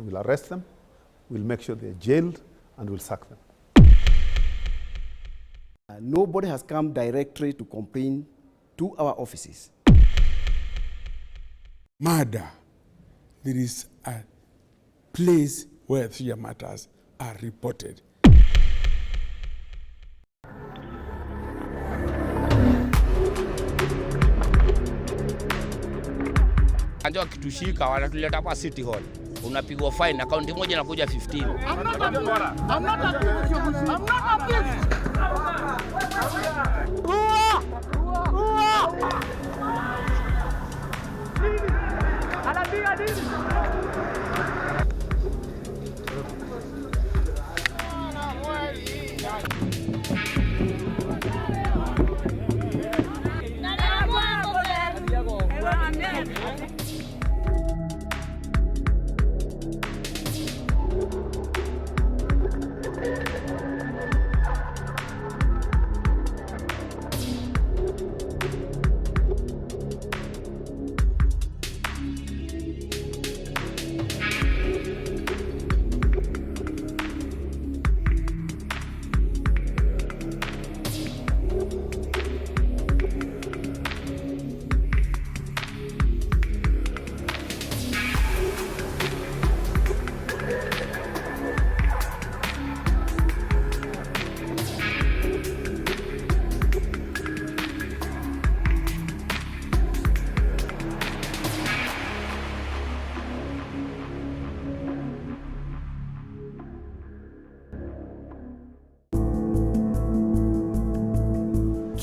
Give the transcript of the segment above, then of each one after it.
We'll arrest them, we'll make sure they're jailed, and we'll sack them. Uh, nobody has come directly to complain to our offices. Murder. There is a place where such matters are reported. Anjo wakitushika wanatuleta kwa City Hall unapigwa fine, akaunti moja inakuja 15.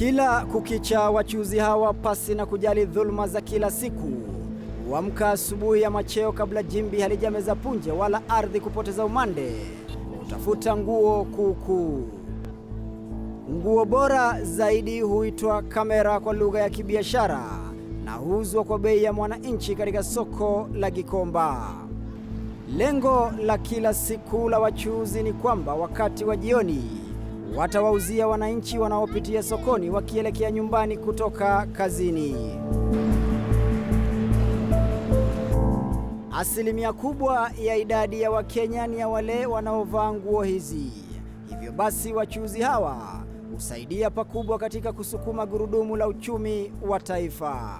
Kila kukicha wachuuzi hawa, pasi na kujali dhuluma za kila siku, huamka asubuhi ya macheo kabla jimbi halijameza punje wala ardhi kupoteza umande, hutafuta nguo kuukuu. Nguo bora zaidi huitwa kamera kwa lugha ya kibiashara na huuzwa kwa bei ya mwananchi katika soko la Gikomba. Lengo la kila siku la wachuuzi ni kwamba wakati wa jioni watawauzia wananchi wanaopitia sokoni wakielekea nyumbani kutoka kazini. Asilimia kubwa ya idadi ya Wakenya ni ya wale wanaovaa nguo hizi. Hivyo basi, wachuuzi hawa husaidia pakubwa katika kusukuma gurudumu la uchumi wa taifa,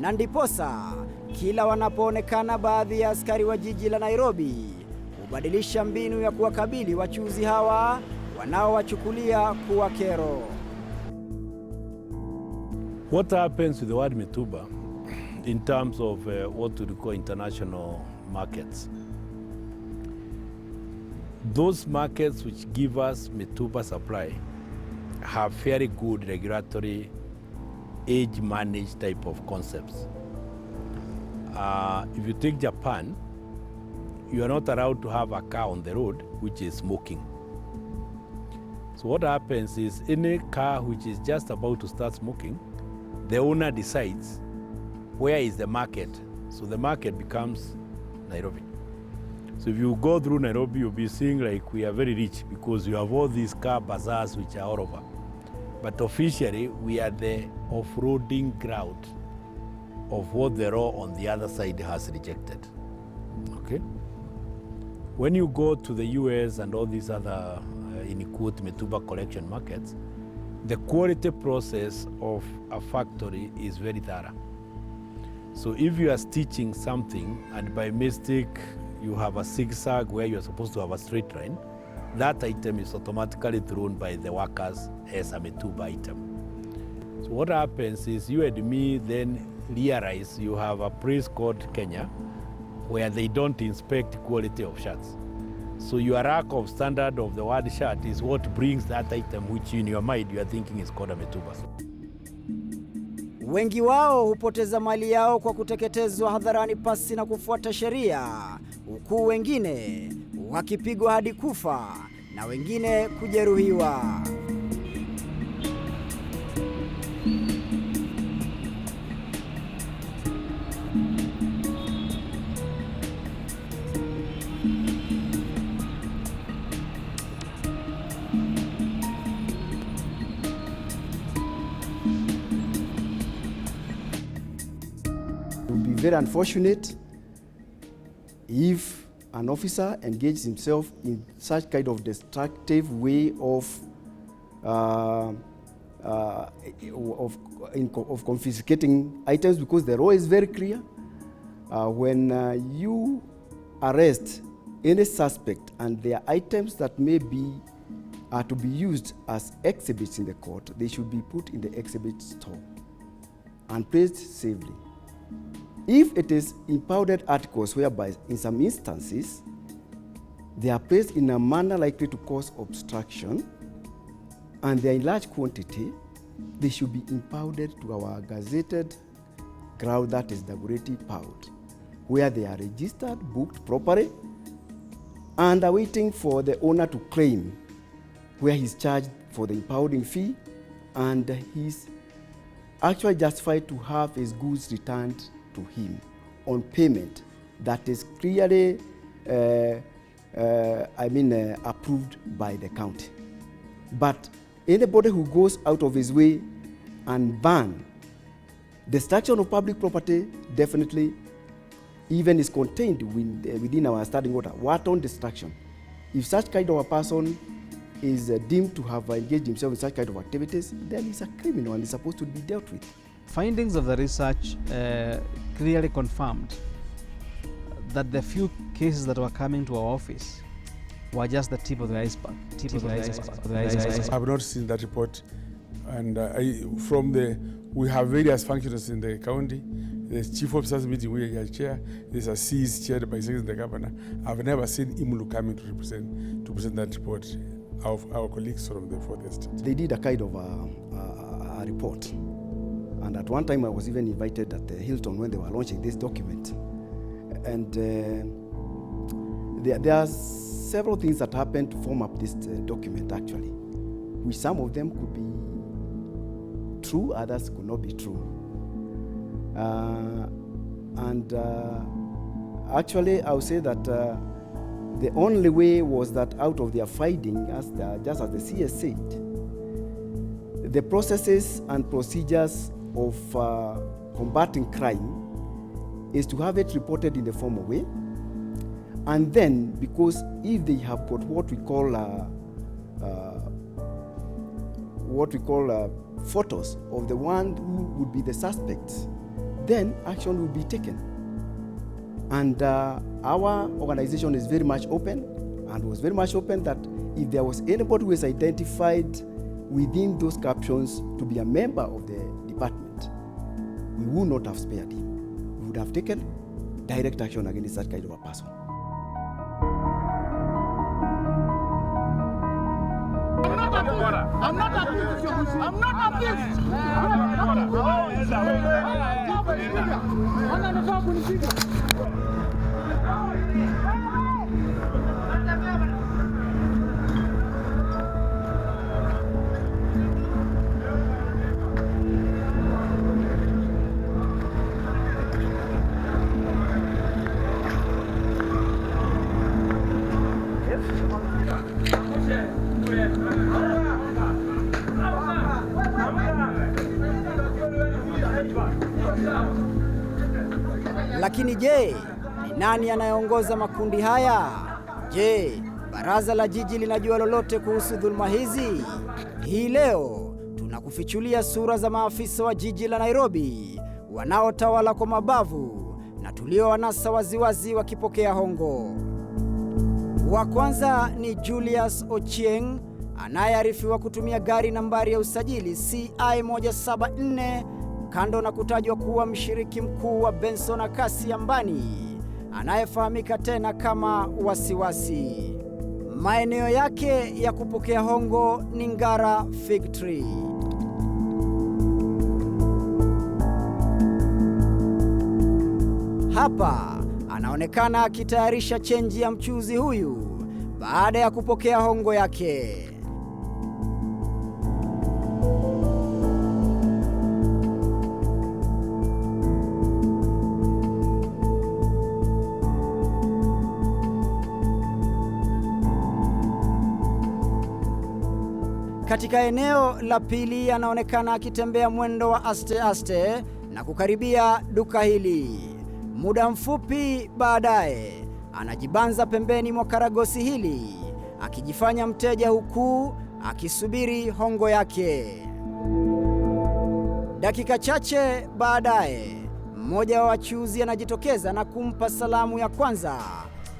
na ndiposa kila wanapoonekana baadhi ya askari wa jiji la Nairobi hubadilisha mbinu ya kuwakabili wachuuzi hawa wanaowachukulia kuwa kero. What happens with the word Mituba in terms of uh, what we call international markets? Those markets which give us Mituba supply have very good regulatory age managed type of concepts. Uh, if you take Japan, you are not allowed to have a car on the road which is smoking. So what happens is any car which is just about to start smoking, the owner decides where is the market. So the market becomes Nairobi. So if you go through Nairobi, you'll be seeing like we are very rich because you have all these car bazaars which are all over. But officially, we are the off-roading ground of what the law on the other side has rejected. Okay? When you go to the US and all these other Kut metuba collection markets, the quality process of a factory is very thorough. So if you are stitching something and by mistake you have a zigzag where you are supposed to have a straight line, that item is automatically thrown by the workers as a metuba item. So what happens is you and me then realize you have a priest called Kenya where they don't inspect quality of shirts. So your lack of standard of the word shirt is what brings that item which in your mind you are thinking is called a mitumba. Wengi wao hupoteza mali yao kwa kuteketezwa hadharani pasi na kufuata sheria, huku wengine wakipigwa hadi kufa na wengine kujeruhiwa. very unfortunate if an officer engages himself in such kind of destructive way of, uh, uh, of, in, of confiscating items because the law is very clear. Uh, when uh, you arrest any suspect and their items that may be are to be used as exhibits in the court, they should be put in the exhibit store and placed safely. If it is impounded articles whereby in some instances they are placed in a manner likely to cause obstruction and they are in large quantity, they should be impounded to our gazetted ground that is WRT pound, where they are registered, booked properly, and are waiting for the owner to claim where he's charged for the impounding fee and he's actually justified to have his goods returned to him on payment that is clearly, uh, uh, I mean, uh, approved by the county. But anybody who goes out of his way and ban destruction of public property definitely even is contained within, uh, within our standing order. What on destruction? If such kind of a person is uh, deemed to have engaged himself in such kind of activities, then he's a criminal and is supposed to be dealt with. Findings of the research uh, clearly confirmed that the few cases that were coming to our office were just the tip of the iceberg. Tip, of, the iceberg. I have not seen that report, and uh, I, from the we have various functions in the county. There's chief officers meeting where I chair. There's a CEs chaired by the governor. I've never seen Imulu coming to represent to present that report of our colleagues from the forest. They did a kind of a, a, a report and at one time, I was even invited at the Hilton when they were launching this document. And uh, there, there, are several things that happened to form up this uh, document, actually, which some of them could be true, others could not be true. Uh, and uh, actually, I would say that uh, the only way was that out of their finding, as the, just as the CS said, the processes and procedures of uh, combating crime is to have it reported in the formal way. And then, because if they have got what we call uh, uh, what we call uh, photos of the one who would be the suspect, then action will be taken. And uh, our organization is very much open, and was very much open that if there was anybody who is identified within those captions to be a member of the we would not have spared him. We would have taken direct action against that kind of a person. I'm not a I'm not a I'm not abused. Lakini je, ni nani anayeongoza makundi haya? Je, baraza la jiji linajua lolote kuhusu dhuluma hizi? Hii leo tunakufichulia sura za maafisa wa jiji la Nairobi wanaotawala kwa mabavu na tuliowanasa waziwazi wakipokea hongo. Wa kwanza ni Julius Ochieng anayearifiwa kutumia gari nambari ya usajili CI 174 Kando na kutajwa kuwa mshiriki mkuu wa Benson Akasi Ambani anayefahamika tena kama Wasiwasi, maeneo yake ya kupokea hongo ni Ngara Fig Tree. Hapa anaonekana akitayarisha chenji ya mchuuzi huyu baada ya kupokea hongo yake. Katika eneo la pili anaonekana akitembea mwendo wa aste aste na kukaribia duka hili. Muda mfupi baadaye anajibanza pembeni mwa karagosi hili akijifanya mteja huku akisubiri hongo yake. Dakika chache baadaye mmoja wa wachuuzi anajitokeza na kumpa salamu ya kwanza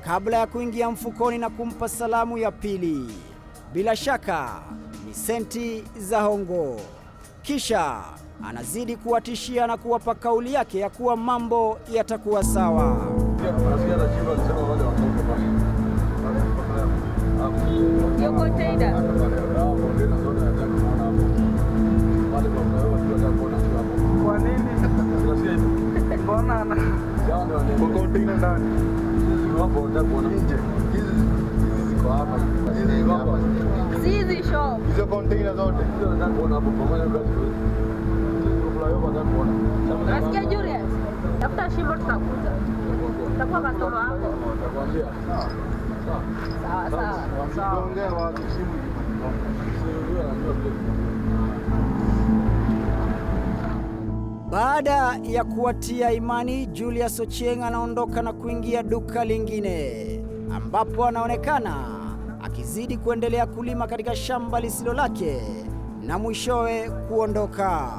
kabla ya kuingia mfukoni na kumpa salamu ya pili. Bila shaka ni senti za hongo. Kisha anazidi kuwatishia na kuwapa kauli yake ya kuwa mambo yatakuwa sawa hizo container zote nasikia Julius, tafuta shimo wako. Sawa sawa. Baada ya kuwatia imani, Julius Ochieng anaondoka na kuingia duka lingine ambapo anaonekana akizidi kuendelea kulima katika shamba lisilo lake na mwishowe kuondoka.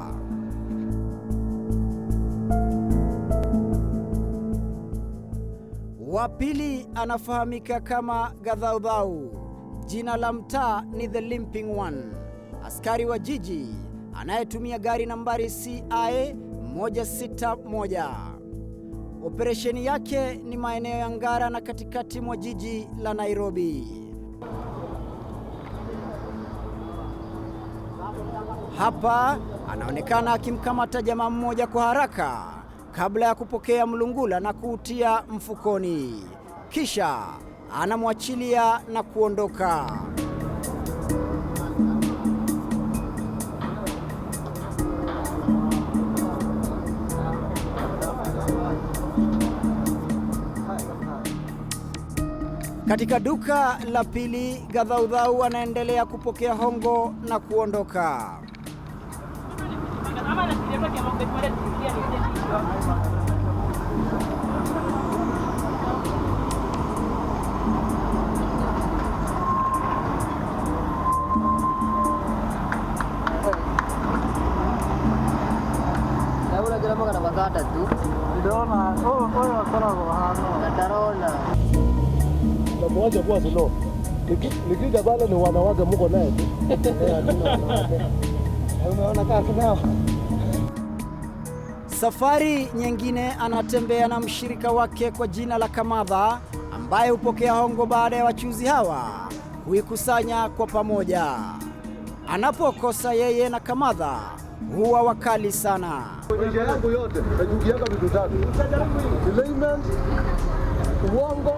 Wa pili anafahamika kama Gadhaudhau, jina la mtaa ni The Limping One, askari wa jiji anayetumia gari nambari CI 161. Operesheni yake ni maeneo ya Ngara na katikati mwa jiji la Nairobi. Hapa anaonekana akimkamata jamaa mmoja kwa haraka kabla ya kupokea mlungula na kuutia mfukoni, kisha anamwachilia na kuondoka. Katika duka la pili, Gadhaudhau anaendelea kupokea hongo na kuondoka gatatu ndirona ũyũ akoragwo hano ndarona na mmoja kwa sino nikija bado ni wanawake muko naye tu eh, umeona kaa kinao Safari nyingine anatembea na mshirika wake kwa jina la Kamadha ambaye hupokea hongo baada ya wachuzi hawa kuikusanya kwa pamoja. Anapokosa yeye na Kamadha huwa wakali sana. Maisha yangu yote najugiaga vitu tatu: uongo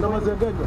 na mazengenyo.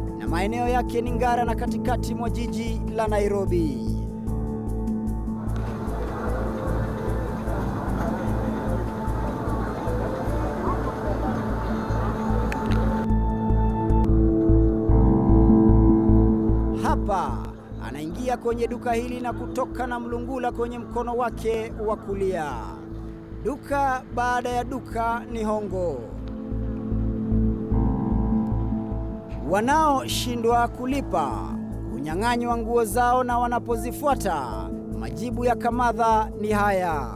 maeneo yake ni Ngara na katikati mwa jiji la Nairobi. Hapa anaingia kwenye duka hili na kutoka na mlungula kwenye mkono wake wa kulia. Duka baada ya duka ni hongo. wanaoshindwa kulipa hunyang'anywa nguo zao, na wanapozifuata majibu ya Kamadha ni haya.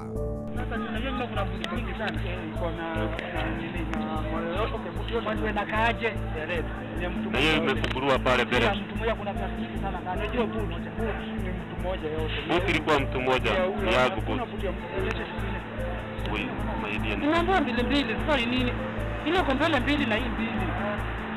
Hiyo imefunguliwa pale mbele, ilikuwa mtu mmoja yagu mbili mbili, nini ile kwa mbele mbili na hii mbili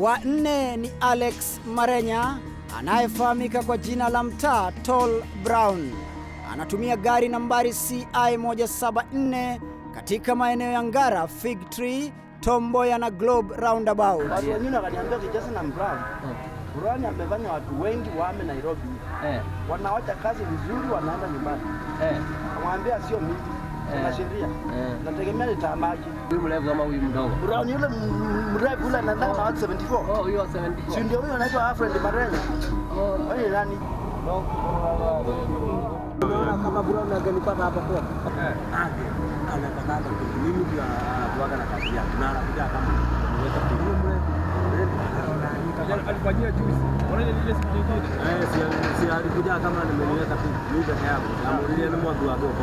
Wa nne ni Alex Marenya anayefahamika kwa jina la mtaa Tol Brown, anatumia gari nambari CI 174 katika maeneo ya Ngara, Fig Tree, Tomboya na Globe Roundabout. Watu wakaniambia Brown. Brown amefanya watu wengi wame Nairobi. Eh. Wanaacha kazi vizuri wanaenda nyumbani. Eh. Amwambia sio mimi nashiria eh, eh. nategemea lita maji. Huyu mrefu kama huyu mdogo? Brown yule mrefu yule na ndani oh. watu 74. Oh, huyo 74. Si ndio huyo anaitwa Alfred Marenya. Oh, yeye nani? Unaona kama Brown angenipata hapa kwa. Eh. Anataka mimi pia kuaga na kazi yake. Na anakuja kama niweza kutumia mrefu. Alikuwa jia juzi. Unaona ile siku nyingine? Eh, si alikuja kama nimeniweka tu. Mimi peke yangu. Amulia ni mwangu wa gogo.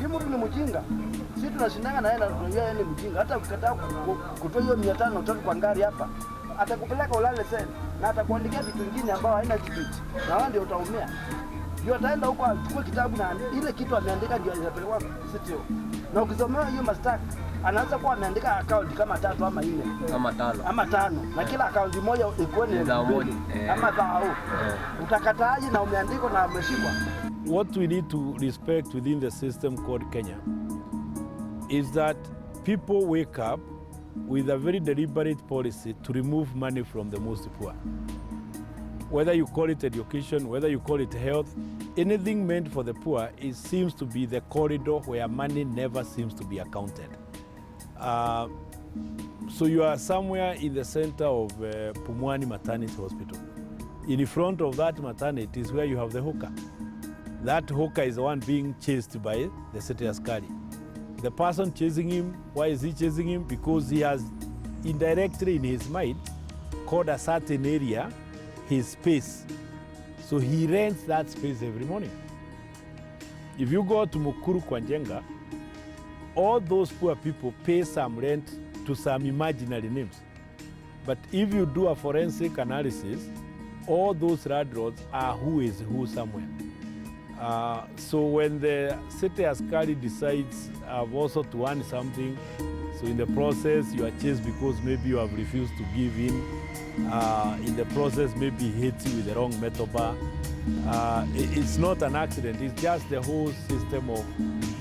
Hii mtu ni mjinga. Sisi tunashindana naye na tunajua yeye ni mjinga. Hata ukikataa kutoa hiyo 500 utatu kwa ngari hapa, atakupeleka ulale sana na atakuandikia vitu vingine ambao haina thibiti. Na wewe ndio utaumia. Ndio ataenda huko achukue kitabu na ile kitu ameandika ndio inapelekwa sitio. Na ukisomea hiyo mastaka anaanza kuwa ameandika akaunti kama tatu ama nne ama tano ama tano na kila akaunti moja ikuwe ni za moja eh. ama dhao. Eh. Utakataaje na umeandikwa na umeshikwa? what we need to respect within the system called Kenya is that people wake up with a very deliberate policy to remove money from the most poor. Whether you call it education, whether you call it health, anything meant for the poor, it seems to be the corridor where money never seems to be accounted. Uh, so you are somewhere in the center of uh, Pumwani Maternity Hospital. In front of that maternity is where you have the hooker that hawker is the one being chased by the city askari. The person chasing him, why is he chasing him? Because he has indirectly in his mind called a certain area his space. So he rents that space every morning. If you go to Mukuru Kwanjenga, all those poor people pay some rent to some imaginary names. But if you do a forensic analysis, all those landlords are who is who somewhere. Uh, so when the city Askari decides I've also to earn something, so in the process you are chased because maybe you have refused to give in. Uh, in the process maybe hit you with the wrong metal bar. Uh, it's not an accident, it's just the whole system of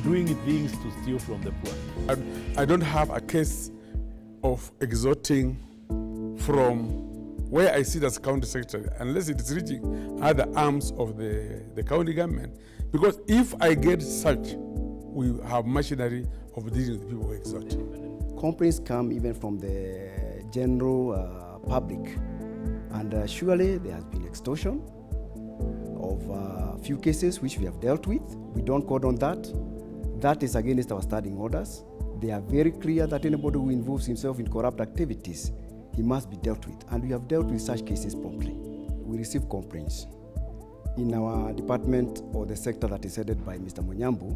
doing things to steal from the poor. I, I don't have a case of exhorting from where I sit as county secretary, unless it is reaching other arms of the, the county government. Because if I get such, we have machinery of dealing with people who exert. Complaints come even from the general uh, public, and uh, surely there has been extortion of a uh, few cases which we have dealt with. We don't on that. That is against our standing orders. They are very clear that anybody who involves himself in corrupt activities It must be dealt with, and we have dealt with such cases promptly. We receive complaints. In our department or the sector that is headed by Mr. Monyambu,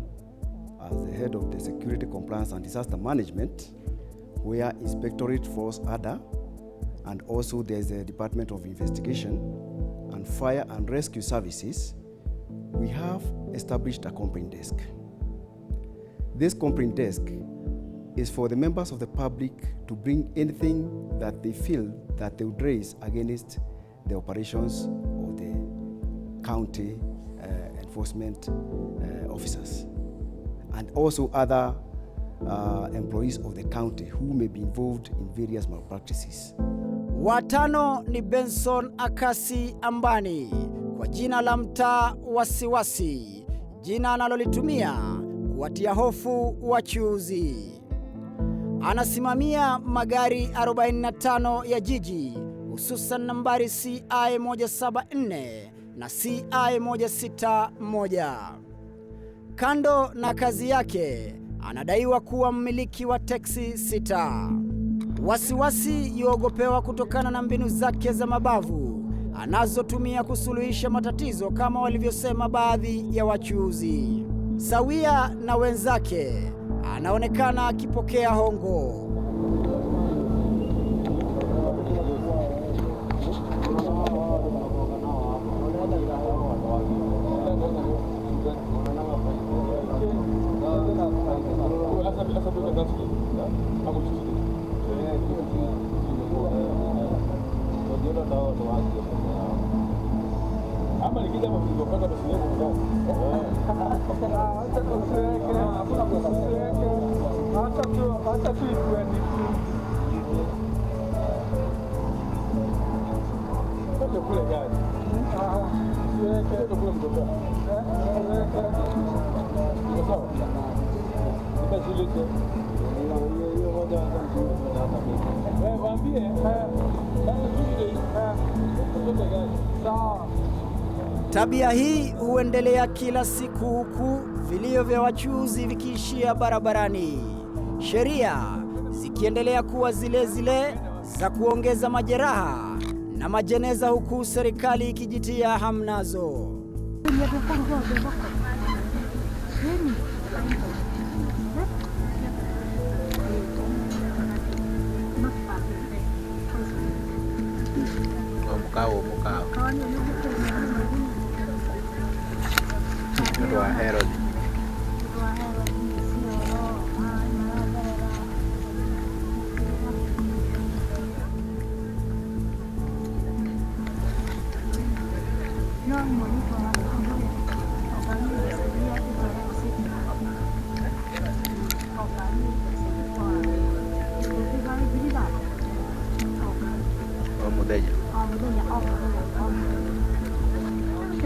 as the head of the Security Compliance and Disaster Management, where Inspectorate Force ADA, and also there's the Department of Investigation and Fire and Rescue Services, we have established a complaint desk. This complaint desk is for the members of the public to bring anything that they feel that they would raise against the operations of the county uh, enforcement uh, officers and also other uh, employees of the county who may be involved in various malpractices. Watano ni Benson Akasi Ambani kwa jina la mtaa Wasiwasi, jina analolitumia kuwatia hofu wachuuzi anasimamia magari 45 ya jiji, hususan nambari CI 174 na CI 161. Kando na kazi yake, anadaiwa kuwa mmiliki wa teksi sita. Wasiwasi yuogopewa kutokana na mbinu zake za mabavu anazotumia kusuluhisha matatizo, kama walivyosema baadhi ya wachuuzi. Sawia na wenzake anaonekana akipokea hongo. Wacha tu kote kule gari Tabia hii huendelea kila siku, huku vilio vya wachuzi vikiishia barabarani sheria zikiendelea kuwa zile zile za kuongeza majeraha na majeneza, huku serikali ikijitia hamnazo. Mkao mkao.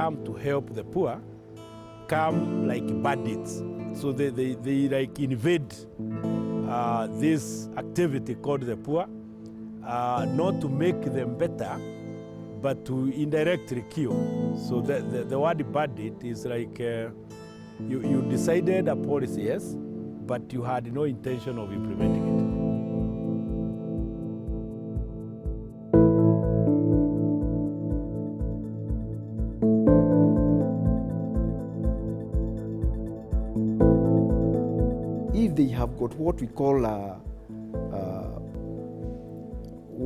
come to help the poor come like bandits. So they, they, they like invade uh, this activity called the poor, uh, not to make them better, but to indirectly kill. So the, the, the word bandit is like uh, you, you decided a policy, yes, but you had no intention of implementing it. got what we call uh, uh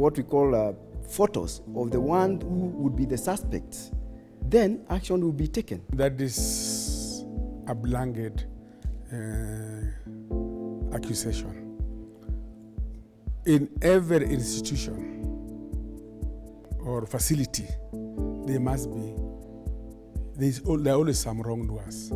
what we call uh, photos of the one who would be the suspect, then action will be taken. That is a blanket uh, accusation. In every institution or facility, there must be, there's, there are always some wrongdoers.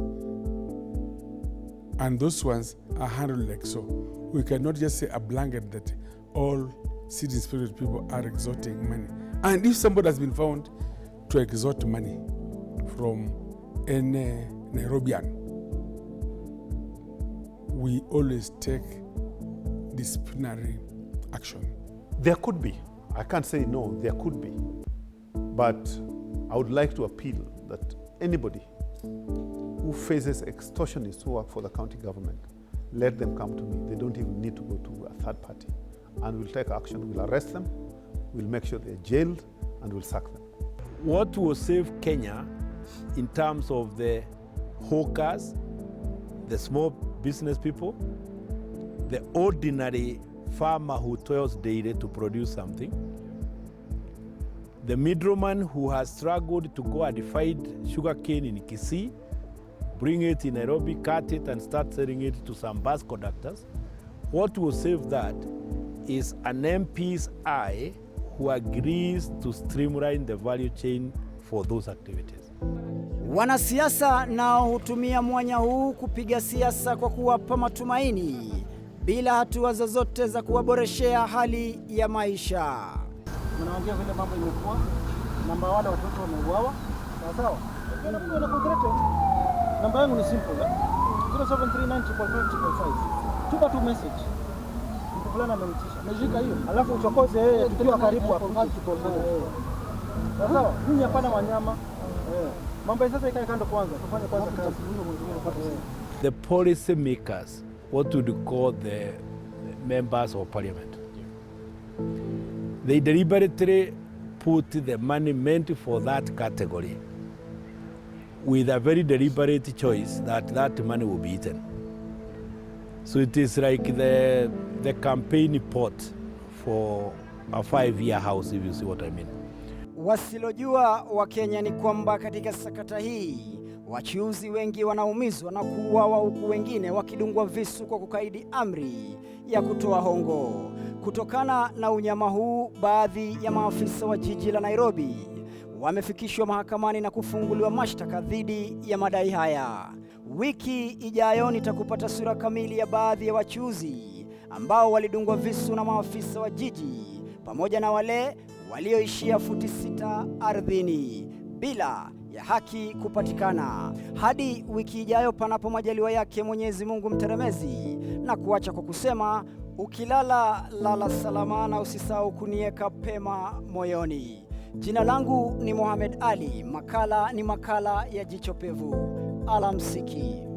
And those ones are handled like so. We cannot just say a blanket that all city spirit people are extorting money. And if somebody has been found to extort money from a Nairobian, we always take disciplinary action. There could be. I can't say no, there could be. But I would like to appeal that anybody who faces extortionists who work for the county government, let them come to me. They don't even need to go to a third party. And we'll take action. We'll arrest them, we'll make sure they're jailed, and we'll sack them. What will save Kenya in terms of the hawkers, the small business people, the ordinary farmer who toils daily to produce something, the middleman who has struggled to go and find sugarcane in Kisii, bring it in Nairobi, cut it and start selling it to some bus conductors. What will save that is an MP's eye who agrees to streamline the value chain for those activities. Wanasiasa nao hutumia mwanya huu kupiga siasa kwa kuwapa matumaini bila hatua zozote za kuwaboreshea hali ya maisha. Mnaongea vile mambo imekuwa namba wale watoto wameuawa, sawa sawa namba yangu ni simple eh? 07394525 tupa tu message mkufulana amemtisha mejika hiyo alafu uchokoze yeye tukiwa karibu hapo sawa nyinyi hapana wanyama mambo sasa ikae kando kwanza tufanye kwanza kazi the policy makers what would you call the members of parliament they deliberately put the money meant for that category with a very deliberate choice that that money will be eaten. So it is like the, the campaign pot for a five-year house if you see what I mean. Wasilojua wa Kenya ni kwamba katika sakata hii wachuuzi wengi wanaumizwa na kuuawa, huku wengine wakidungwa visu kwa kukaidi amri ya kutoa hongo. Kutokana na unyama huu, baadhi ya maafisa wa jiji la Nairobi wamefikishwa mahakamani na kufunguliwa mashtaka dhidi ya madai haya. Wiki ijayo nitakupa taswira kamili ya baadhi ya wachuuzi ambao walidungwa visu na maafisa wa jiji pamoja na wale walioishia futi sita ardhini bila ya haki kupatikana. Hadi wiki ijayo, panapo majaliwa yake Mwenyezi Mungu mteremezi, na kuacha kwa kusema ukilala lala salama, na usisahau kunieka pema moyoni. Jina langu ni Mohamed Ali, makala ni makala ya Jicho Pevu. Alamsiki.